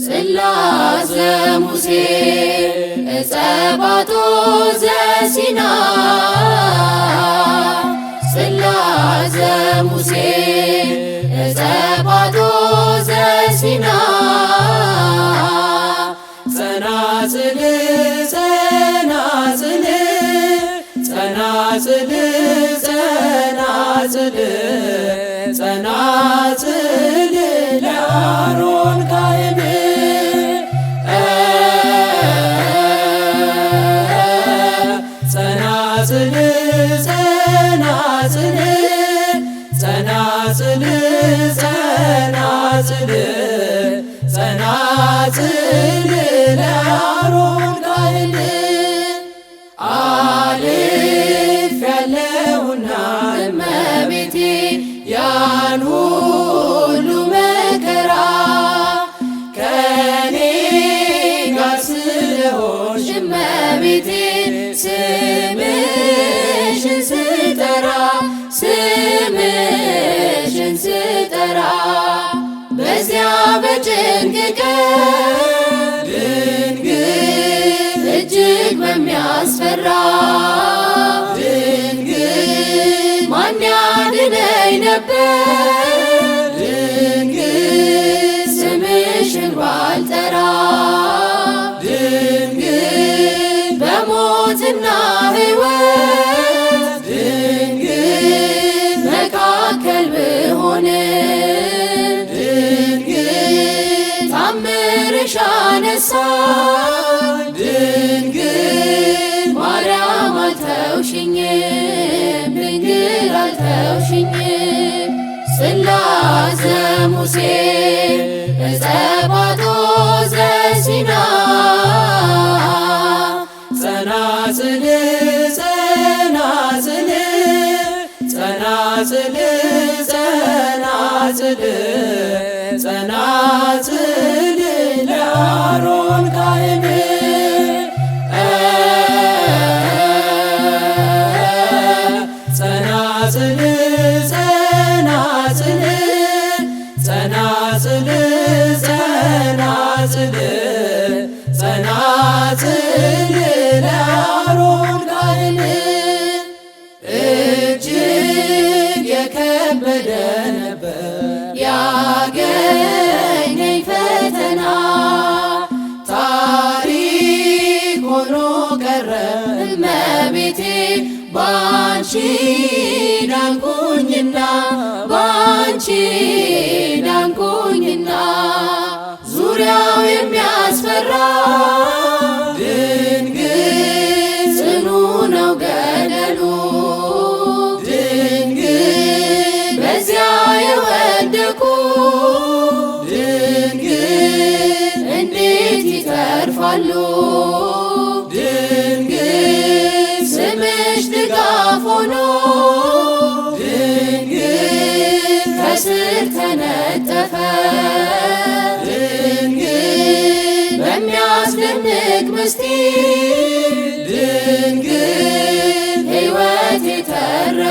ስላሰ ሙሴ እጸባቶ ዘሲና ስላሰ ሙሴ እጸባቶ ዘሲና ጸናጽል ጸናጽል ጸናጽል ጸናጽል ጸናጽል ለአሮን ካህን አልፍ ያለውና እመቤቴ ያን ተጠንቅቀ እጅግ በሚያስፈራ ማን ያድነኝ ነበር ሙሴ ዕፀ ጳጦስ ዘሲና ጸናጽል ጸናጽል ጸናጽል ጸናጽል ጸናጽል ለአሮን ካህን Jesus.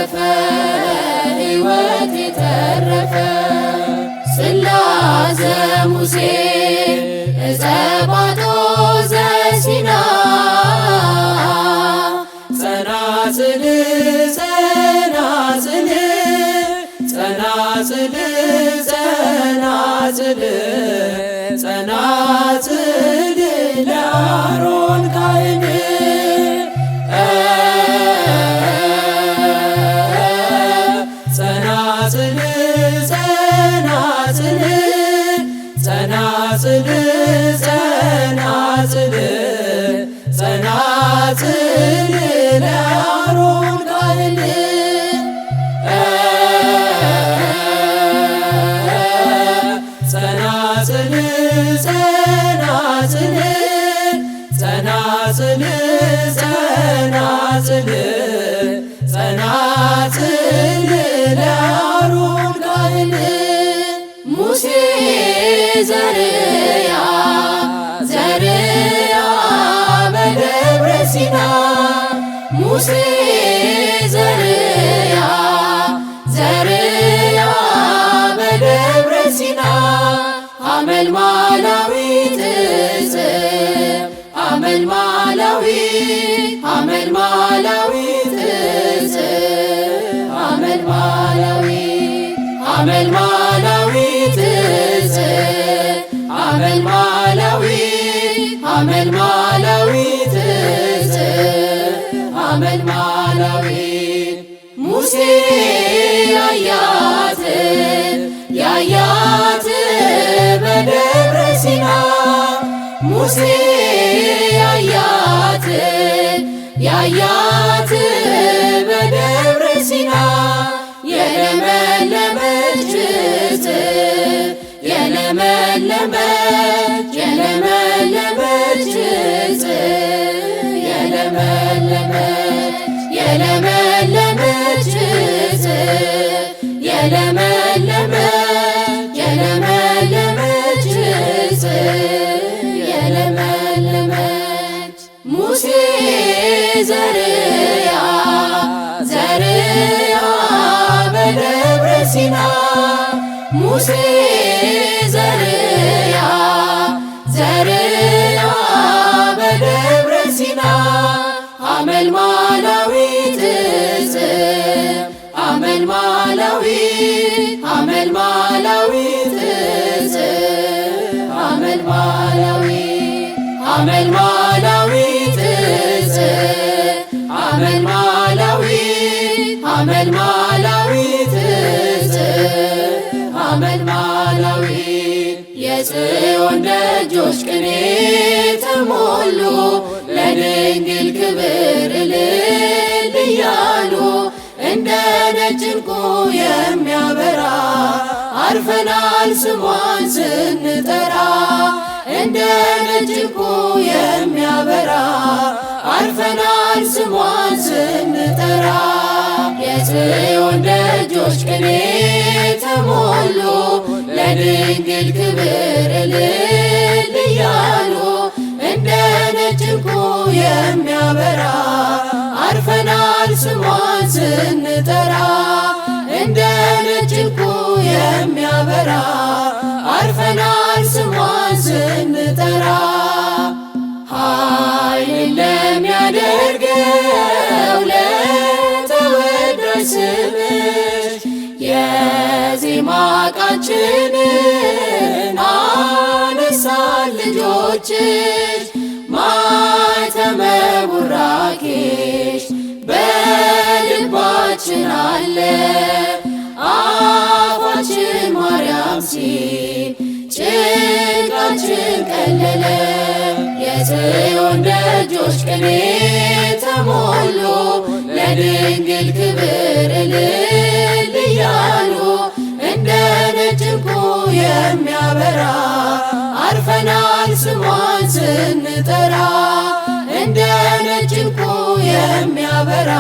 አረፈ ሕይወት የተረፈ ስላዘ ሙሴ እፀባቶ ዘሲና ጸናጽል ጸናጽል ጸናጽል ጸናጽል ጸናጽል ላሮን ካይን ጸናጽል ጸናጽል ጸናጽል ጸናጽል ለአሮን ካህን ሙሴ ዘርያ ዘርያ በደብረ ሲና ሙሴ ዘርያ ዘርያ በደብረ ሲና አመልማላዊት እጽብ አመልማላዊት አመልማላዊት እጽብ አመልማላዊት አመልማላዊት እጽብ አመልማላዊት አመልማላዊት እጽብ አመልማላዊት ሙሴ ያያት ያያት በደብረ ሲና የለመለመች የለመለመች የለመለመች የለመለመች የለመለመች የለመ ዘርያ ዘርያ በደብረ ሲና ሙሴ ዘርያ ዘርያ በደብረ ሲና አመልማላዊት አመልማላዊ አመልማላዊት አመልማላዊ አመልማ የጽዮን ደጆች ቅኔ ተሞሉ ለድንግል ክብር እልል እያሉ እንደ ነጭ ዕንቁ የሚያበራ አርፈናል ስሟን ስንጠራ እንደ ነጭ ዕንቁ የሚያበራ አርፈናል ስሟን ስንጠራ የጽዮን ደጆች ቅኔ ተሞሉ ለድ ድንግል ክብር እልል እያሉ እንደ ነጭ ዕንቁ የሚያበራ አርፈናል ስሟን ስንጠራ እንደ ነጭ ዕንቁ የሚያበራ አርፈናል ስሟን ስንጠራ ኃይልን ለሚያደርገው ለተወዳጅ ስምሽ ማቃችንን አነሳን ልጆችሽ ማኅተመ ቡራኬሽ በልባችን አለ አፋችን ማርያም ሲ ጭቃችን ቀለለ። የጽዮን ደጆች ቅኔ ተሞሉ ለድንግል ክብር ስሟን ስንጠራ እንደ ነጭ ዕንቁ የሚያበራ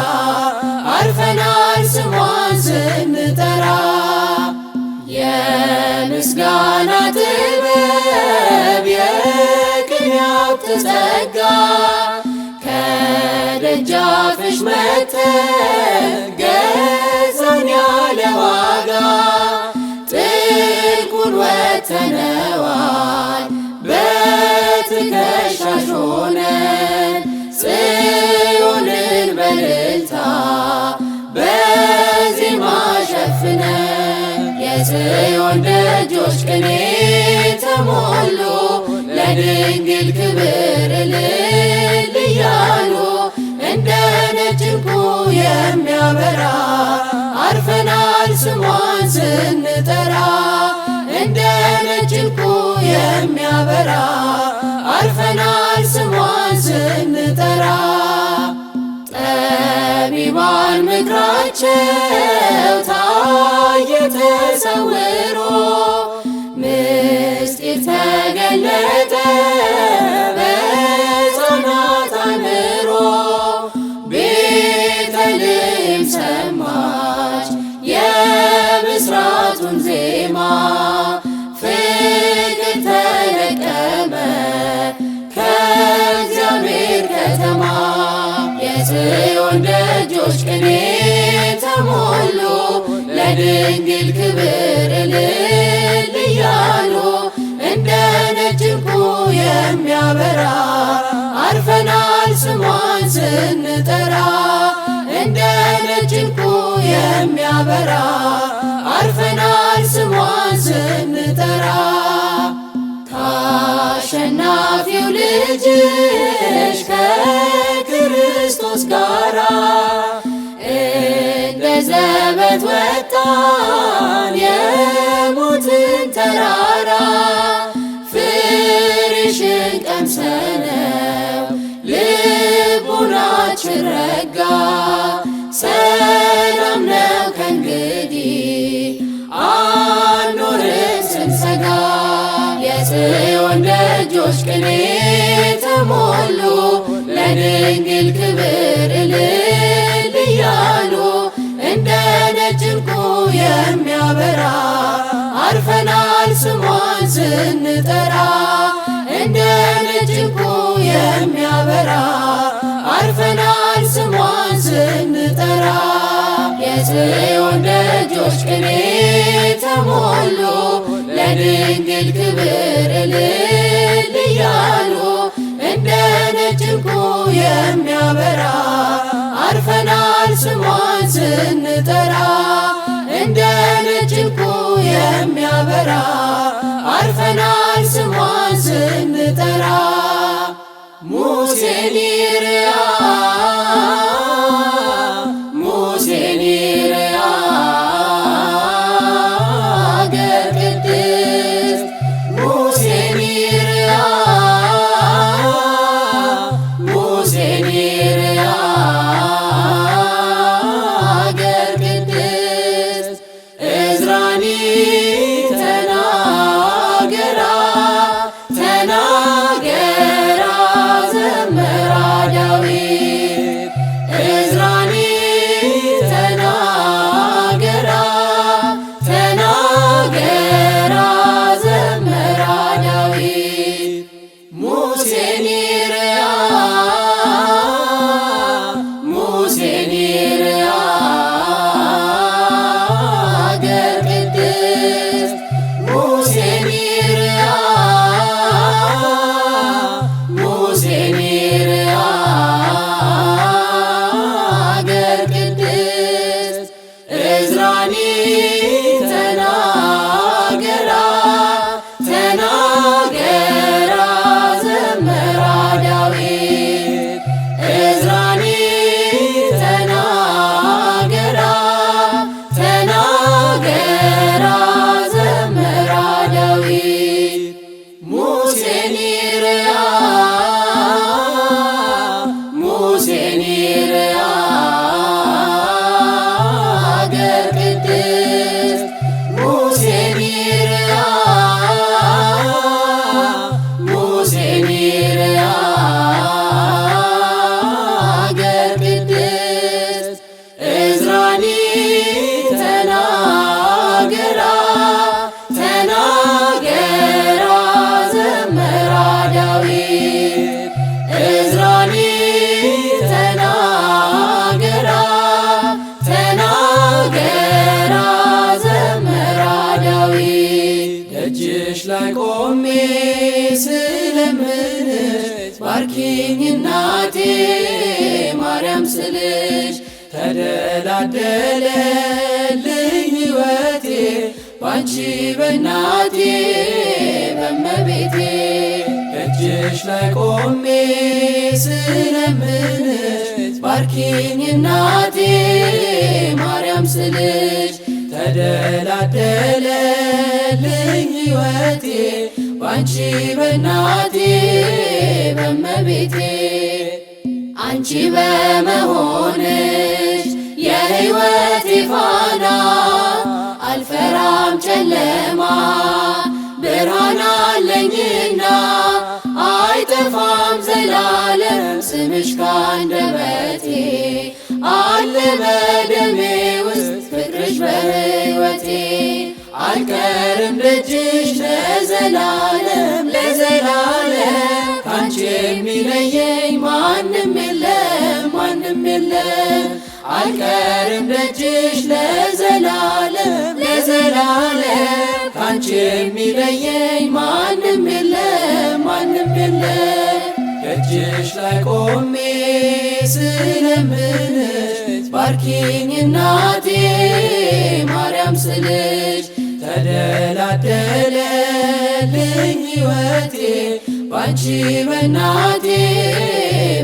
አርፈናል ስሟን ስንጠራ የምስጋና ጥበብ የቅንያብ ተጸጋ ከደጃፍሽ መጥተን ገዛን ያለ ዋጋ ጥልቁን ወተነዋል ትከሻሽ ሆነን ጽዮንን በልልታ በዜማ ሸፍነን የጽዮን ደጆች ቅኔ ተሞሉ ለድንግል ክብር እልል እያሉ እንደ ነጭ ዕንቁ የሚያበራ አርፈናል ስሟን ስንጠራ እንደ ነጭ ዕንቁ የሚያበራ አርፈናል ስሟን ስንጠራ ጠቢባን ምክራቸው ታየ ተሰውሮ ምስጢር ተገለጠ ለድንግል ክብር እልል እያሉ እንደ ነጭ ዕንቁ የሚያበራ አርፈናል ስሟን ስንጠራ እንደ ነጭ ዕንቁ የሚያበራ አርፈናል ስሟን ስንጠራ ከአሸናፊው ልጅሽ ከክርስቶስ ጋራ ዘበት ወጣን የሞትን ተራራ ፍርሽን ቀምሰነው ልቡናችን ረጋ። ሰላም ነው ከእንግዲህ አኖርም ስንሰጋ። የጽዮን ደጆች ቅኔ ተሞሉ ለድንግል ክብር ስንጠራ እንደ ልጅኮ የሚያበራ አርፈናል ስሟን ስንጠራ የጽዮን ደጆች ቅኔ ተሞሉ ለድንግል ክብር እልል እያሉ እንደ ነጭኮ የሚያበራ አርፈናል ስሟን ስንጠራ እንደ ነጭ የሚያበራ አርፈናል ስሟን ስንጠራ ሙሴ ሊርያ ተደላደለልኝ ሕይወቴ ባንቺ በእናቴ በመቤቴ እጅሽ ላይ ቆሜ ስለምንሽ ባርኪኝ እናቴ ማርያም ስልሽ ተደላደለልኝ ሕይወቴ ባንቺ በእናቴ በመቤቴ አንቺ በመሆንሽ የህይወት ፋና አልፈራም ጨለማ ብርሃን አለኝና አይጠፋም ዘላለም ስምሽ ካንደበቴ አለ በደሜ ውስጥ ፍቅርሽ በሕይወቴ አልቀርም ደጅሽ ለዘላለም ለዘላለም ካንቺ የሚለየኝ ማንም የለም ማንም የለም አልቀርም ደጅሽ ለዘላለም ለዘላለም ካንቺ የሚለየኝ ማንም የለም ማንም የለም ደጅሽ ላይ ቆሜ ስለምንሽ ባርኪኝ እናቴ ማርያም ስልሽ ተደላደለልኝ ሕይወቴ ባንቺ በእናቴ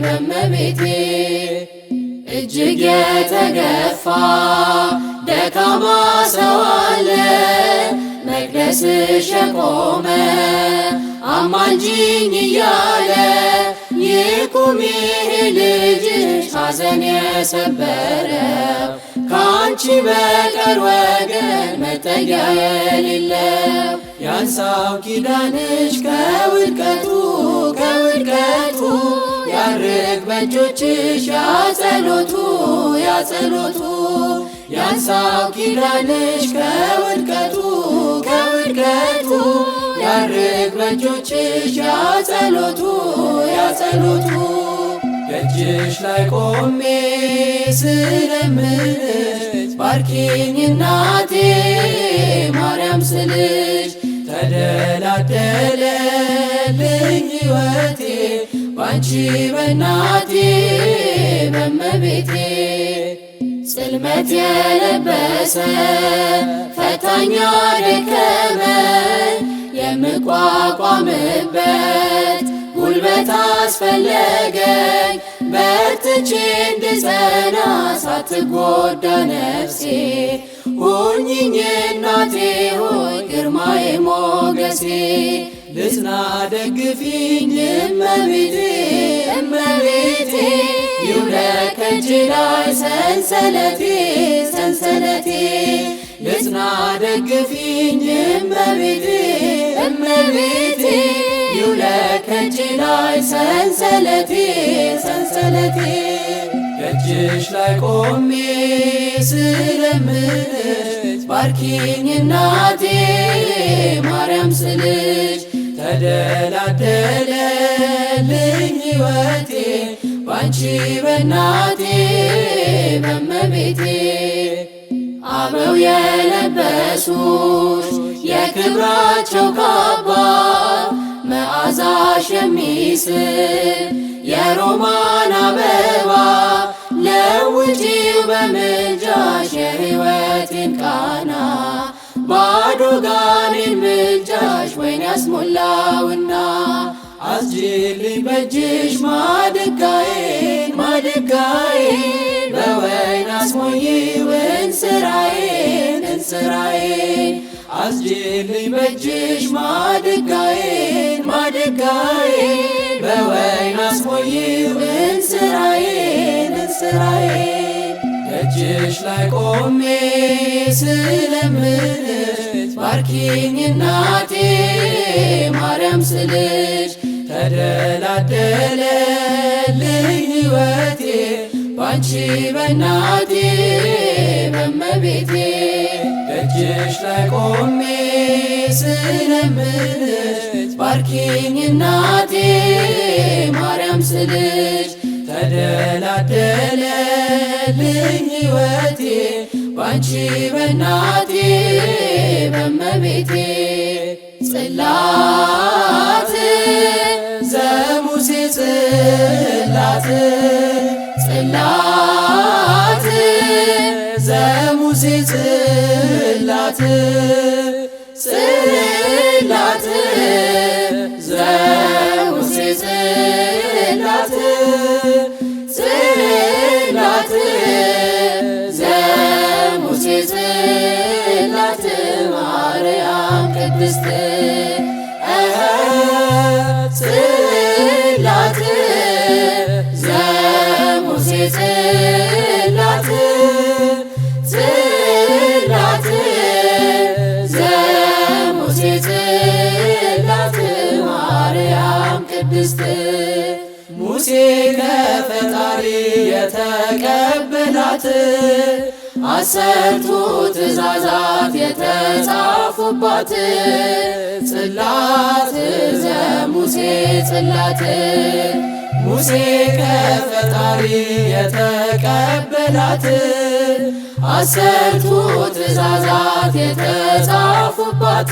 በመቤቴ እጅግ የተገፋ ደካማ ሰው አለ መቅደስሽ የቆመ አማንጂኝ እያለ ይቁም ይህ ልጅሽ ሐዘን የሰበረው ከአንቺ በቀር ወገን መጠጊያ የሌለው ያንሳው ኪዳንሽ ከውድቀቱ ከውድቀቱ ያርግ በእጆችሽ ያጸሎቱ ያጸሎቱ ያንሳው ኪዳንሽ ከውድቀቱ ከውድቀቱ ያርግ በእጆችሽ ያጸሎቱ ያጸሎቱ ደጅሽ ላይ ቆሜ ስለምንሽ ባርኪኝ እናቴ ማርያም ስልሽ ተደላደለልኝ ሕይወቴ ባንቺ በናቴ በመቤቴ ጽልመት የለበሰ ፈታኛ ደከመኝ የምቋቋምበት ጉልበት አስፈለገኝ በርትቼ እንድጸና ሳትጎዳ ነፍሴ ሆኚኝ እናቴ ሆይ ግርማዬ ሞገሴ ልጽና ደግፊኝ እመቤቴ እመቤቴ ይውረድ ላይ ሰንሰለቴ ሰንሰለቴ ልጽና ደግፊኝ እመቤቴ እመቤቴ ይውለቅ ከእጅ ላይ ሰንሰለቴ ሰንሰለቴ ከእጅሽ ላይ ቆሜ ስለምንሽ ባርኪኝ እናቴ ማርያም ስልሽ ተደላደለልኝ ሕይወቴ ባንቺ በእናቴ በመቤቴ አበው የለበሱሽ የክብራቸው ካባ መዓዛሽ የሚስብ የሮማን አበባ ለውጪው በምልጃሽ የሕይወቴን ቃና ባዶ ጋኔን ምልጃሽ ወይን ያስሞላውና አስጅልኝ በእጅሽ ማድጋዬን ማድጋዬን በወይን አስሞይ ውን እንስራዬን እንስራዬን አስጅልኝ በእጅሽ ማድጋዬን ማድጋዬን በወይን አስቆይም እንስራዬን እንስራዬን ደጅሽ ላይ ቆሜ ስለምንሽ ባርኪኝ እናቴ ማርያም ስልሽ ተደላደለልኝ ሕይወቴ ባንቺ በእናቴ በመቤቴ እጅሽ ላይ ቆሜ ስለምልሽ ባርኪኝ እናቴ ማርያም ስልሽ ተደላደለልኝ ሕይወቴ ባንቺ በእናቴ በመቤቴ ጽላት ዘሙሴ ጽላት ጽላት ዘሙሴ ጽላት ጽላት የተቀበላት አሰርቱ ትእዛዛት የተጻፉባት ጽላት ዘሙሴ ጽላት ሙሴ ከፈጣሪ የተቀበላት አሰርቱ ትእዛዛት የተጻፉባት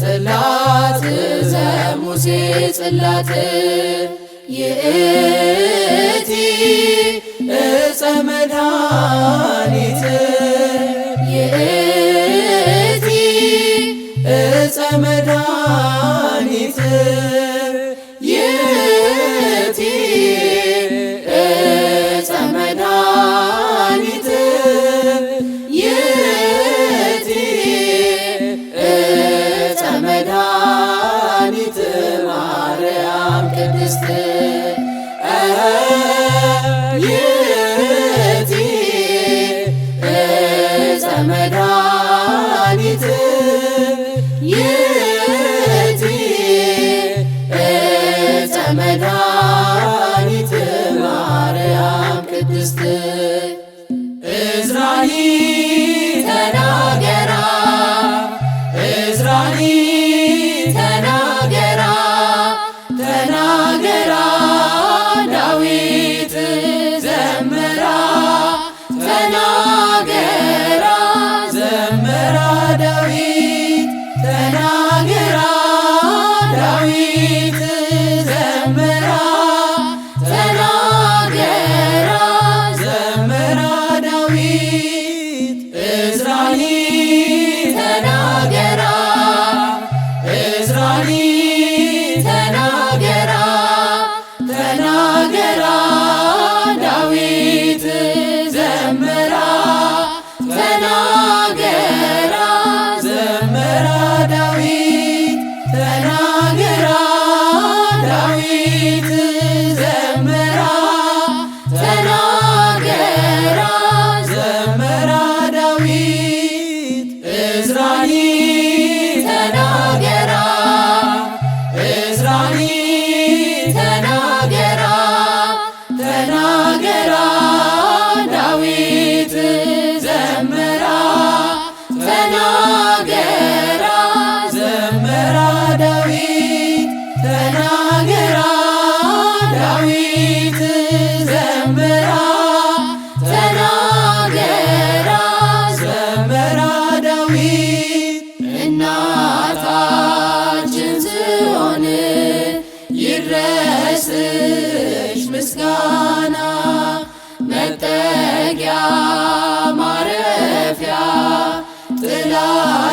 ጽላት ዘሙሴ ጽላት ይእቲ እፀ መድኃኒት ይእቲ እፀ መድኃኒት Ramadan.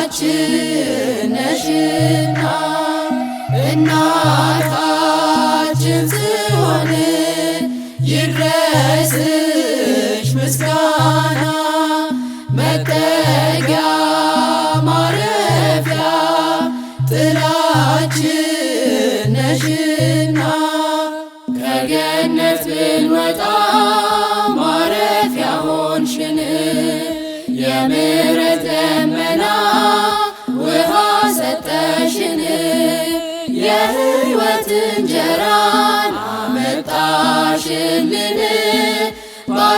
እናታችን ነሽና እናታ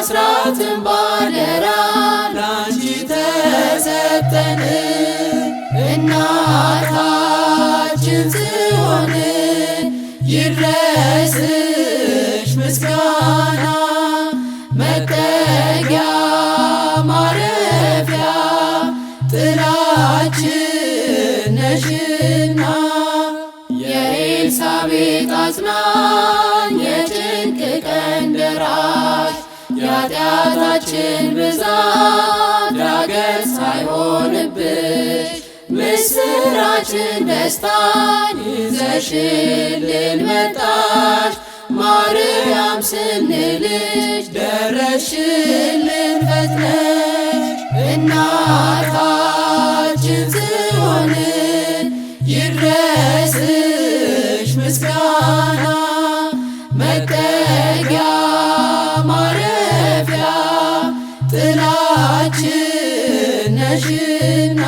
አስራትን ባደራ ላንቺ ተሰጠን እናታችን ጽዮን ይረ የእምነታችን ብዛት ዳገት ሳይሆንብሽ ምስራችን ደስታን ይዘሽልን መጣሽ ማርያም ስንልሽ ደረሽልን ፈጥነሽ እናታችን ዝሆንን ይድረስሽ ምስጋና እናታችን ነሽና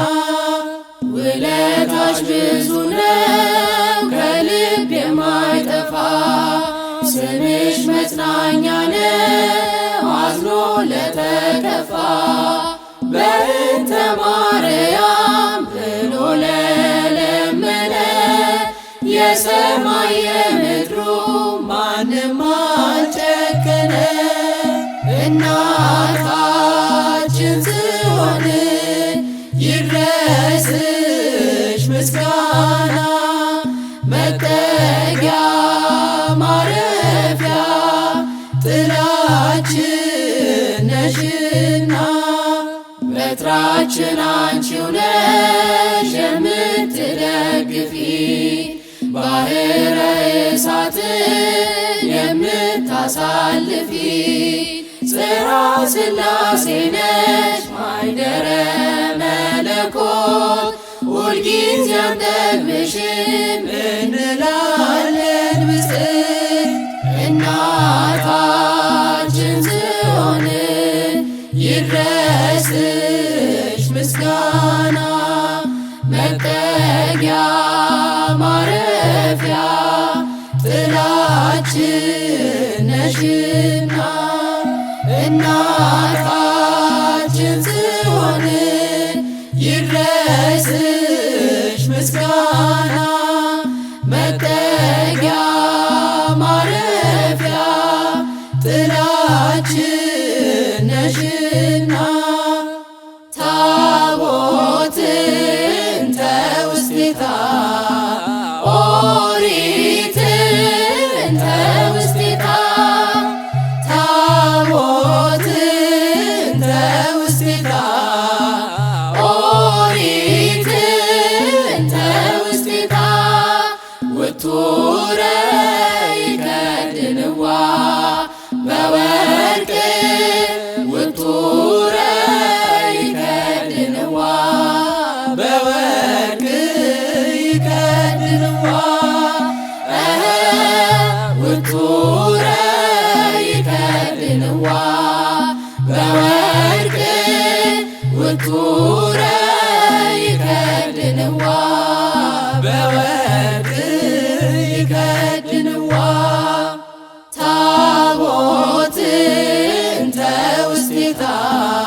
ውለታሽ ብዙ ነው ከልብ የማይጠፋ ስምሽ መጽናኛ ነው አዝኖ ለተከፋ በእንተ ማርያም ብሎ ለለመነ የሰማይ የምድሩ ማንም አልጨከነ እናታ ምስጋና መጠጊያ ማረፊያ ጥላችን ነሽና በትራችን አንቺው ነሽ የምትደግፊ ባህረ እሳትን የምታሳልፊ ጽራ ስላሴ ነሽ ማይደረ መለኮት ورقين زيادة البشم إن العلن مسئل إن عطاجن زونن يرسش مسكانا متقيا معرفيا طلاجن نشر é o hospital.